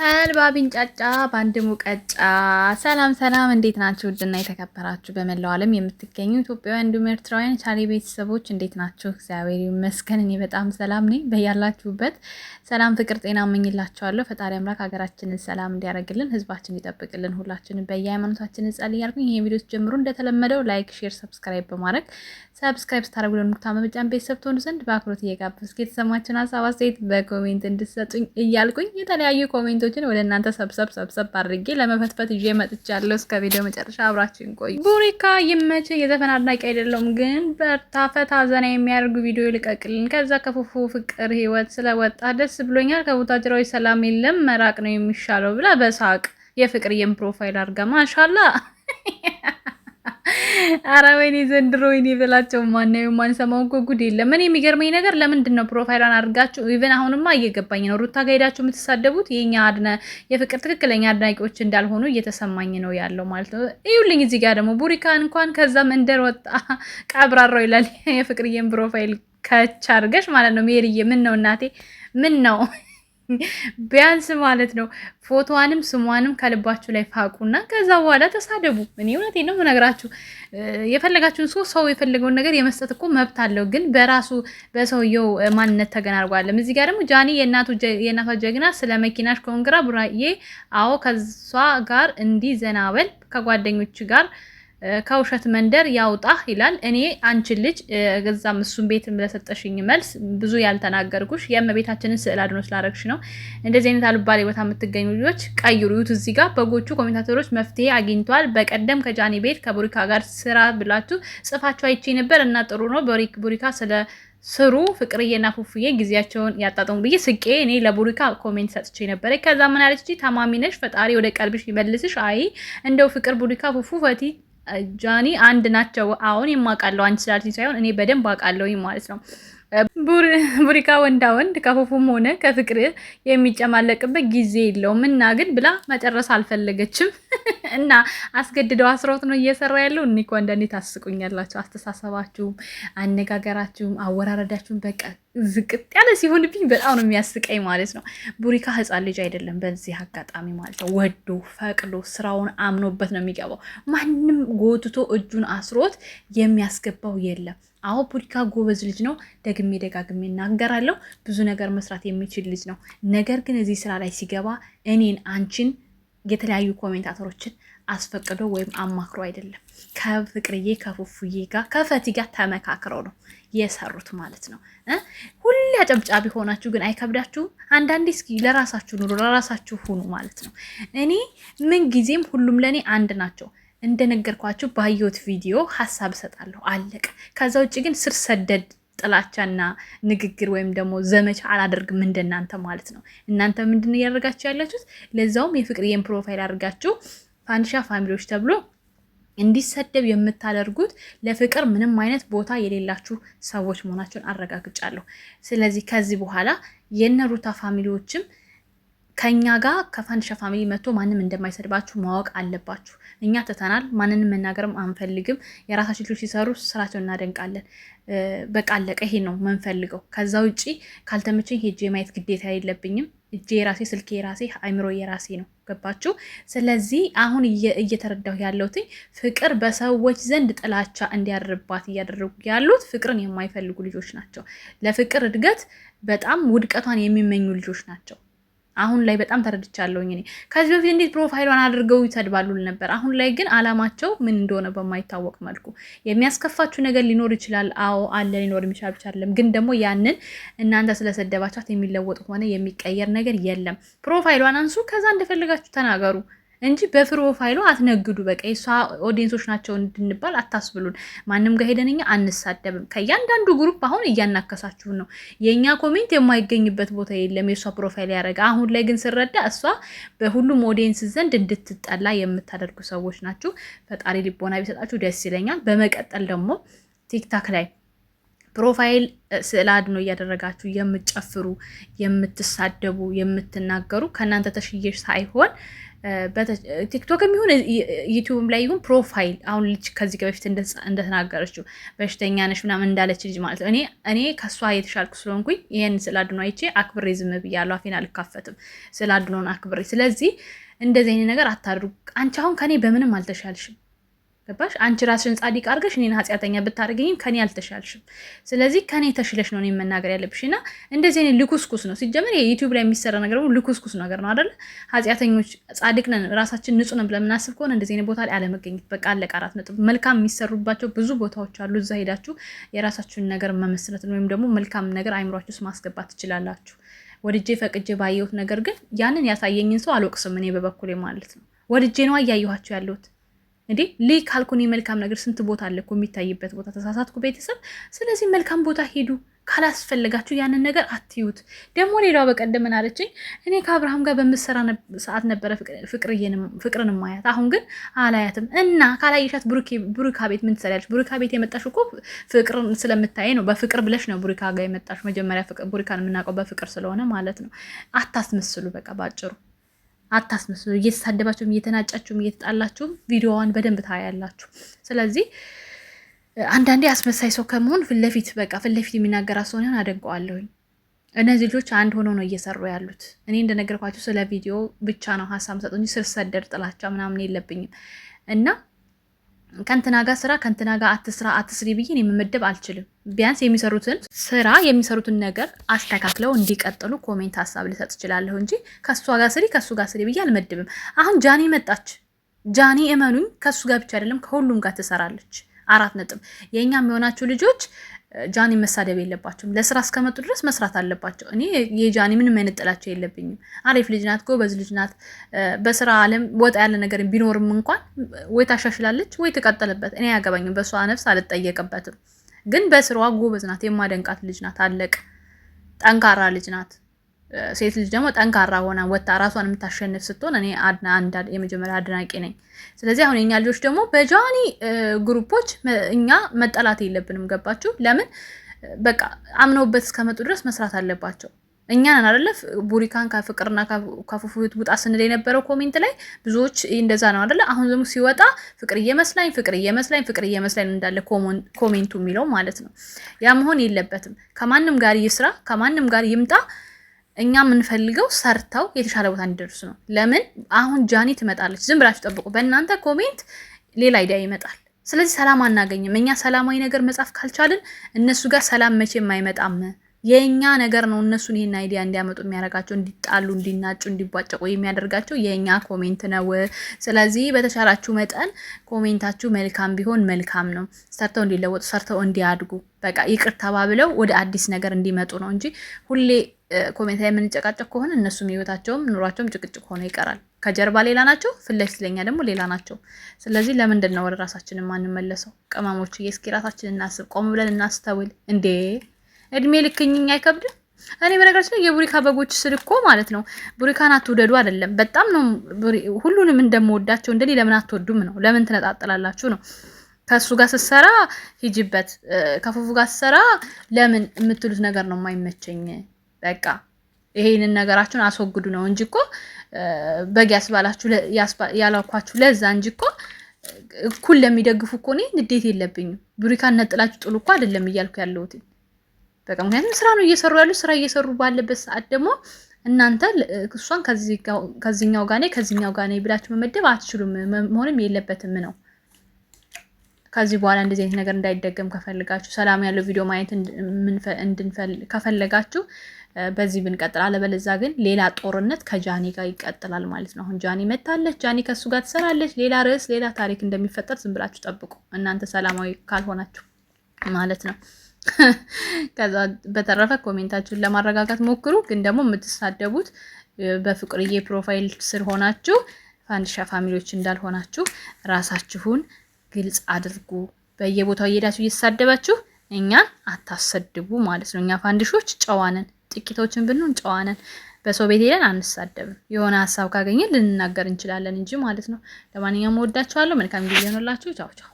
ተልባ ቢንጫጫ በአንድ ሙቀጫ። ሰላም ሰላም፣ እንዴት ናችሁ? ውድና የተከበራችሁ በመላው ዓለም የምትገኙ ኢትዮጵያውያን እንዲሁም ኤርትራውያን ቻሊ ቤተሰቦች እንዴት ናችሁ? እግዚአብሔር ይመስገን እኔ በጣም ሰላም ነኝ። በያላችሁበት ሰላም፣ ፍቅር፣ ጤና እመኝላችኋለሁ። ፈጣሪ አምላክ ሀገራችንን ሰላም እንዲያደርግልን፣ ህዝባችን ይጠብቅልን። ሁላችንን በየሃይማኖታችን እንጸልይ እያልኩኝ ይሄ ቪዲዮ ጀምሮ እንደተለመደው ላይክ፣ ሼር፣ ሰብስክራይብ በማድረግ ሰብስክራይብ ስታደርጉ ለሙክታ መመጫን ቤተሰብ ትሆኑ ዘንድ በአክብሮት እየጋበዝኩ የተሰማችሁን ሀሳብ አስተያየት በኮሜንት እንድሰጡኝ እያልኩኝ የተለያዩ ኮሜንቶ አስተያየቶችን ወደ እናንተ ሰብሰብ ሰብሰብ አድርጌ ለመፈትፈት ይዤ መጥቻለሁ። እስከ ቪዲዮ መጨረሻ አብራችን ቆዩ። ቡሪካ ይመች። የዘፈን አድናቂ አይደለውም። ግን በርታ፣ ፈታ፣ ዘና የሚያደርጉ ቪዲዮ ይልቀቅልን። ከዛ ከፉፉ ፍቅር ህይወት ስለወጣ ደስ ብሎኛል። ከቦታጅራዎች ሰላም የለም መራቅ ነው የሚሻለው ብላ በሳቅ የፍቅርዬን ፕሮፋይል አድርጋ ማሻላ አረ ወይኔ ዘንድሮ ወይኔ ብላቸው ማናየው ማንሰማው እኮ ጉድ የለም። እኔ የሚገርመኝ ነገር ለምንድን ነው ፕሮፋይሏን አድርጋችሁ ኢቨን አሁንማ እየገባኝ ነው ሩታ ጋር የምትሳደቡት የኛ አድነ የፍቅር ትክክለኛ አድናቂዎች እንዳልሆኑ እየተሰማኝ ነው ያለው ማለት ነው። እዩልኝ እዚህ ጋር ደግሞ ቡሪካን እንኳን ከዛ መንደር ወጣ ቀብራራው ይላል የፍቅርዬን ፕሮፋይል ከች አድርገሽ ማለት ነው። ሜሪዬ ምን ነው እናቴ ምን ነው ቢያንስ ማለት ነው ፎቶዋንም ስሟንም ከልባችሁ ላይ ፋቁና ከዛ በኋላ ተሳደቡ። እኔ እውነቴ ነው ምነግራችሁ። የፈለጋችሁን ሰው ሰው የፈለገውን ነገር የመስጠት እኮ መብት አለው፣ ግን በራሱ በሰውየው ማንነት ተገናርጓለም። እዚህ ጋር ደግሞ ጃኒ የእናቷ ጀግና ስለ መኪናሽ ኮንግራ ብራዬ፣ አዎ ከሷ ጋር እንዲህ ዘናበል ከጓደኞች ጋር ከውሸት መንደር ያውጣህ ይላል። እኔ አንቺን ልጅ ገዛም እሱን ቤት ለሰጠሽኝ መልስ ብዙ ያልተናገርኩሽ የእመቤታችንን ስዕል አድኖ ስላረግሽ ነው። እንደዚህ አይነት አልባሌ ቦታ የምትገኙ ልጆች ቀይሩ። ዩት እዚህ ጋር በጎቹ ኮሜንታተሮች መፍትሄ አግኝተዋል። በቀደም ከጃኒ ቤት ከቡሪካ ጋር ስራ ብላችሁ ጽፋችሁ አይቼ ነበር እና ጥሩ ነው ቡሪካ ስለ ስሩ ፍቅርዬና ፉፉዬ ጊዜያቸውን ያጣጠሙ ብዬ ስቄ እኔ ለቡሪካ ኮሜንት ሰጥቼ ነበረ። ከዛ ምን አለች? ታማሚ ነሽ፣ ፈጣሪ ወደ ቀልብሽ ይመልስሽ። አይ እንደው ፍቅር ቡሪካ ፉፉ ፈቲ ጃኒ አንድ ናቸው። አሁን የማውቃለው አንቺ ስላልሽኝ ሳይሆን እኔ በደንብ አውቃለሁኝ ማለት ነው። ቡሪካ ወንዳ ወንድ ከፉፉም ሆነ ከፍቅር የሚጨማለቅበት ጊዜ የለውም እና ግን ብላ መጨረስ አልፈለገችም እና አስገድደው አስሮት ነው እየሰራ ያለው። እኒኮ እኮ አንዳንዴ ታስቁኛላችሁ። አስተሳሰባችሁም፣ አነጋገራችሁም፣ አወራረዳችሁም በቃ ዝቅጥ ያለ ሲሆንብኝ በጣም ነው የሚያስቀኝ ማለት ነው። ቡሪካ ህፃን ልጅ አይደለም። በዚህ አጋጣሚ ማለት ነው ወዶ ፈቅዶ ስራውን አምኖበት ነው የሚገባው። ማንም ጎትቶ እጁን አስሮት የሚያስገባው የለም። አዎ ቡሪካ ጎበዝ ልጅ ነው። ደግሜ ደጋግሜ እናገራለሁ። ብዙ ነገር መስራት የሚችል ልጅ ነው። ነገር ግን እዚህ ስራ ላይ ሲገባ እኔን፣ አንቺን፣ የተለያዩ ኮሜንታተሮችን አስፈቅዶ ወይም አማክሮ አይደለም። ከፍቅርዬ ከፉፉዬ ጋር ከፈቲ ጋር ተመካክረው ነው የሰሩት ማለት ነው። ሁሌ አጨብጫቢ ሆናችሁ ግን አይከብዳችሁም? አንዳንዴ እስኪ ለራሳችሁ ኑሩ፣ ለራሳችሁ ሁኑ ማለት ነው። እኔ ምን ጊዜም ሁሉም ለእኔ አንድ ናቸው። እንደነገርኳችሁ ባየሁት ቪዲዮ ሀሳብ እሰጣለሁ። አለቀ። ከዛ ውጭ ግን ስር ሰደድ ጥላቻና ንግግር ወይም ደግሞ ዘመቻ አላደርግም እንደናንተ ማለት ነው። እናንተ ምንድን እያደርጋችሁ ያላችሁት? ለዛውም የፍቅርዬን ፕሮፋይል አድርጋችሁ ፋንዲሻ ፋሚሊዎች ተብሎ እንዲሰደብ የምታደርጉት ለፍቅር ምንም አይነት ቦታ የሌላችሁ ሰዎች መሆናችሁን አረጋግጫለሁ። ስለዚህ ከዚህ በኋላ የነሩታ ፋሚሊዎችም ከኛ ጋር ከፋንድሻ ፋሚሊ መጥቶ ማንም እንደማይሰድባችሁ ማወቅ አለባችሁ። እኛ ትተናል፣ ማንንም መናገርም አንፈልግም። የራሳቸው ልጆች ሲሰሩ ስራቸው እናደንቃለን። በቃ አለቀ። ይሄ ነው የምንፈልገው። ከዛ ውጭ ካልተመቸኝ ሄጄ የማየት ግዴታ የለብኝም። እጄ የራሴ ስልክ የራሴ አይምሮ የራሴ ነው። ገባችሁ? ስለዚህ አሁን እየተረዳሁ ያለሁት ፍቅር በሰዎች ዘንድ ጥላቻ እንዲያድርባት እያደረጉ ያሉት ፍቅርን የማይፈልጉ ልጆች ናቸው። ለፍቅር እድገት በጣም ውድቀቷን የሚመኙ ልጆች ናቸው። አሁን ላይ በጣም ተረድቻለሁኝ። እኔ ከዚህ በፊት እንዴት ፕሮፋይሏን አድርገው ይሰድባሉል ነበር። አሁን ላይ ግን አላማቸው ምን እንደሆነ በማይታወቅ መልኩ የሚያስከፋችሁ ነገር ሊኖር ይችላል። አዎ አለ፣ ሊኖር የሚችላል ብቻ አይደለም። ግን ደግሞ ያንን እናንተ ስለሰደባቻት የሚለወጥ ሆነ የሚቀየር ነገር የለም። ፕሮፋይሏን አንሱ፣ ከዛ እንደፈለጋችሁ ተናገሩ። እንጂ በፕሮፋይሉ አትነግዱ። በቃ የእሷ ኦዲየንሶች ናቸው እንድንባል አታስብሉን። ማንም ጋር ሄደን እኛ አንሳደብም። ከእያንዳንዱ ግሩፕ አሁን እያናከሳችሁን ነው። የእኛ ኮሜንት የማይገኝበት ቦታ የለም የእሷ ፕሮፋይል ያደረገ። አሁን ላይ ግን ስረዳ እሷ በሁሉም ኦዲየንስ ዘንድ እንድትጠላ የምታደርጉ ሰዎች ናችሁ። ፈጣሪ ልቦና ቢሰጣችሁ ደስ ይለኛል። በመቀጠል ደግሞ ቲክታክ ላይ ፕሮፋይል ስዕል አድኖ እያደረጋችሁ የምትጨፍሩ፣ የምትሳደቡ፣ የምትናገሩ ከእናንተ ተሽየሽ ሳይሆን ቲክቶክም ይሁን ዩቲዩብም ላይ ይሁን ፕሮፋይል አሁን ልጅ ከዚህ በፊት እንደተናገረችው በሽተኛ ነሽ ምናምን እንዳለች ልጅ ማለት ነው። እኔ እኔ ከእሷ የተሻልኩ ስለሆንኩኝ ይህን ስዕል አድኖ አይቼ አክብሬ ዝም ብያለሁ። አፌን አልካፈትም፣ ስዕል አድኖን አክብሬ። ስለዚህ እንደዚህ አይነት ነገር አታድርጉ። አንቺ አሁን ከኔ በምንም አልተሻልሽም። ገባሽ? አንቺ ራስሽን ጻዲቅ አድርገሽ እኔን ኃጢአተኛ ብታደርገኝም ከኔ አልተሻልሽም። ስለዚህ ከኔ ተሽለሽ ነው እኔ መናገር ያለብሽ። እና እንደዚህ አይነት ልኩስኩስ ነው ሲጀመር። የዩቲዩብ ላይ የሚሰራ ነገር ልኩስኩስ ነገር ነው አደለ? ኃጢአተኞች ጻዲቅ ነን ራሳችን ንጹህ ነን ብለን ከሆነ እንደዚህ አይነት ቦታ ላይ አለመገኘት በቃ አለቀ። አራት ነጥብ። መልካም የሚሰሩባቸው ብዙ ቦታዎች አሉ። እዛ ሄዳችሁ የራሳችሁን ነገር መመስረትን ወይም ደግሞ መልካም ነገር አይምሯችሁ ውስጥ ማስገባት ትችላላችሁ። ወድጄ ፈቅጄ ባየሁት ነገር ግን ያንን ያሳየኝን ሰው አልወቅስም እኔ በበኩሌ ማለት ነው። ወድጄ ነው እያየኋቸው ያለሁት እንዴ ልይ ካልኩን የመልካም ነገር ስንት ቦታ አለ እኮ የሚታይበት ቦታ። ተሳሳትኩ ቤተሰብ። ስለዚህ መልካም ቦታ ሄዱ። ካላስፈለጋችሁ ያንን ነገር አትዩት። ደግሞ ሌላው በቀደም ምን አለችኝ? እኔ ከአብርሃም ጋር በምሰራ ሰዓት ነበረ ፍቅርን ማያት፣ አሁን ግን አላያትም። እና ካላየሻት ብሩካ ቤት ምን ትሰሪያለሽ? ብሩካ ቤት የመጣሽ እኮ ፍቅርን ስለምታይ ነው። በፍቅር ብለሽ ነው ቡሪካ ጋር የመጣሽ። መጀመሪያ ቡሪካን የምናውቀው በፍቅር ስለሆነ ማለት ነው። አታስመስሉ። በቃ ባጭሩ አታስመስሉ። እየተሳደባችሁም እየተናጫችሁም እየተጣላችሁም ቪዲዮዋን በደንብ ታያላችሁ። ስለዚህ አንዳንዴ አስመሳይ ሰው ከመሆን ፊትለፊት በቃ ፊትለፊት የሚናገራ ሰው ሆን አደንቀዋለሁኝ። እነዚህ ልጆች አንድ ሆነው ነው እየሰሩ ያሉት። እኔ እንደነገርኳቸው ስለ ቪዲዮ ብቻ ነው ሀሳብ ሰጡ እንጂ ስር ሰደድ ጥላቻ ምናምን የለብኝም እና ከእንትና ጋር ስራ ከእንትና ጋር አትስራ አትስሪ ብዬ የምመደብ አልችልም። ቢያንስ የሚሰሩትን ስራ የሚሰሩትን ነገር አስተካክለው እንዲቀጥሉ ኮሜንት ሀሳብ ልሰጥ እችላለሁ እንጂ ከእሷ ጋር ስሪ ከእሱ ጋር ስሪ ብዬ አልመድብም። አሁን ጃኒ መጣች። ጃኒ እመኑኝ ከእሱ ጋር ብቻ አይደለም ከሁሉም ጋር ትሰራለች። አራት ነጥብ። የእኛ የሚሆናችሁ ልጆች ጃኒ መሳደብ የለባቸውም። ለስራ እስከመጡ ድረስ መስራት አለባቸው። እኔ የጃኒ ምንም አይነት የለብኝም። አሪፍ ልጅ ናት፣ ጎበዝ ልጅ ናት። በስራ አለም ወጣ ያለ ነገር ቢኖርም እንኳን ወይ ታሻሽላለች ወይ ትቀጠልበት። እኔ አያገባኝም። በሷ ነፍስ አልጠየቅበትም። ግን በስራዋ ጎበዝ ናት፣ የማደንቃት ልጅ ናት። አለቅ ጠንካራ ልጅ ናት። ሴት ልጅ ደግሞ ጠንካራ ሆና ወታ ራሷን የምታሸንፍ ስትሆን እኔ የመጀመሪያ አድናቂ ነኝ። ስለዚህ አሁን የኛ ልጆች ደግሞ በጃኒ ግሩፖች እኛ መጠላት የለብንም። ገባችሁ? ለምን በቃ አምነውበት እስከመጡ ድረስ መስራት አለባቸው። እኛን አይደለ ቡሪካን ከፍቅርና ከፉፉት ውጣ ስንል የነበረው ኮሜንት ላይ ብዙዎች እንደዛ ነው አደለ። አሁን ደግሞ ሲወጣ ፍቅር እየመስላኝ ፍቅር እየመስላኝ ፍቅር እየመስላኝ እንዳለ ኮሜንቱ የሚለው ማለት ነው። ያ መሆን የለበትም። ከማንም ጋር ይስራ፣ ከማንም ጋር ይምጣ እኛ የምንፈልገው ሰርተው የተሻለ ቦታ እንዲደርሱ ነው። ለምን አሁን ጃኒ ትመጣለች? ዝም ብላችሁ ጠብቁ። በእናንተ ኮሜንት ሌላ አይዲያ ይመጣል። ስለዚህ ሰላም አናገኝም። እኛ ሰላማዊ ነገር መጻፍ ካልቻልን እነሱ ጋር ሰላም መቼም አይመጣም። የእኛ ነገር ነው እነሱን ይህን አይዲያ እንዲያመጡ የሚያደርጋቸው፣ እንዲጣሉ፣ እንዲናጩ፣ እንዲቧጨቁ የሚያደርጋቸው የእኛ ኮሜንት ነው። ስለዚህ በተሻላችሁ መጠን ኮሜንታችሁ መልካም ቢሆን መልካም ነው። ሰርተው እንዲለወጡ፣ ሰርተው እንዲያድጉ፣ በቃ ይቅር ተባብለው ወደ አዲስ ነገር እንዲመጡ ነው እንጂ ሁሌ ኮሜንት ላይ የምንጨቃጨቅ ከሆነ እነሱም ህይወታቸውም ኑሯቸውም ጭቅጭቅ ሆኖ ይቀራል። ከጀርባ ሌላ ናቸው፣ ፊት ለፊት ለኛ ደግሞ ሌላ ናቸው። ስለዚህ ለምንድን ነው ወደ ራሳችን የማንመለሰው? ቅመሞች እስኪ ራሳችን እናስብ፣ ቆም ብለን እናስተውል እንዴ እድሜ ልክኝኝ አይከብድም። እኔ በነገራችን ላይ የቡሪካ በጎች ስል እኮ ማለት ነው ቡሪካን አትውደዱ አይደለም። በጣም ነው ሁሉንም እንደምወዳቸው እንደኔ ለምን አትወዱም ነው? ለምን ትነጣጥላላችሁ ነው? ከእሱ ጋር ስትሰራ ሂጅበት፣ ከፉፉ ጋር ስትሰራ ለምን የምትሉት ነገር ነው የማይመቸኝ። በቃ ይሄንን ነገራችሁን አስወግዱ ነው እንጂ እኮ በግ ያስባላችሁ ያላኳችሁ ለዛ እንጂ እኮ እኩል ለሚደግፉ እኮ እኔ ንዴት የለብኝም። ቡሪካን ነጥላችሁ ጥሉ እኮ አይደለም እያልኩ ያለሁት። በቃ ምክንያቱም ስራ ነው እየሰሩ ያሉ ስራ እየሰሩ ባለበት ሰዓት ደግሞ እናንተ እሷን ከዚኛው ጋኔ ከዚኛው ጋኔ ብላችሁ መመደብ አትችሉም፣ መሆንም የለበትም ነው። ከዚህ በኋላ እንደዚህ አይነት ነገር እንዳይደገም ከፈልጋችሁ ሰላም ያለው ቪዲዮ ማየት ከፈለጋችሁ በዚህ ብንቀጥል፣ አለበለዛ ግን ሌላ ጦርነት ከጃኒ ጋር ይቀጥላል ማለት ነው። አሁን ጃኒ መታለች፣ ጃኒ ከእሱ ጋር ትሰራለች። ሌላ ርዕስ፣ ሌላ ታሪክ እንደሚፈጠር ዝም ብላችሁ ጠብቁ እናንተ ሰላማዊ ካልሆናችሁ ማለት ነው። ከዛ በተረፈ ኮሜንታችሁን ለማረጋጋት ሞክሩ። ግን ደግሞ የምትሳደቡት በፍቅርዬ ፕሮፋይል ስር ሆናችሁ ፋንዲሻ ፋሚሊዎች እንዳልሆናችሁ ራሳችሁን ግልጽ አድርጉ። በየቦታው እየሄዳችሁ እየተሳደባችሁ እኛን አታሰድቡ ማለት ነው። እኛ ፋንዲሾች ጨዋነን፣ ጥቂቶችን ብንሆን ጨዋነን። በሰው ቤት ሄደን አንሳደብም። የሆነ ሀሳብ ካገኘን ልንናገር እንችላለን እንጂ ማለት ነው። ለማንኛውም ወዳችኋለሁ። መልካም ጊዜ ሆኖላችሁ። ቻው ቻው።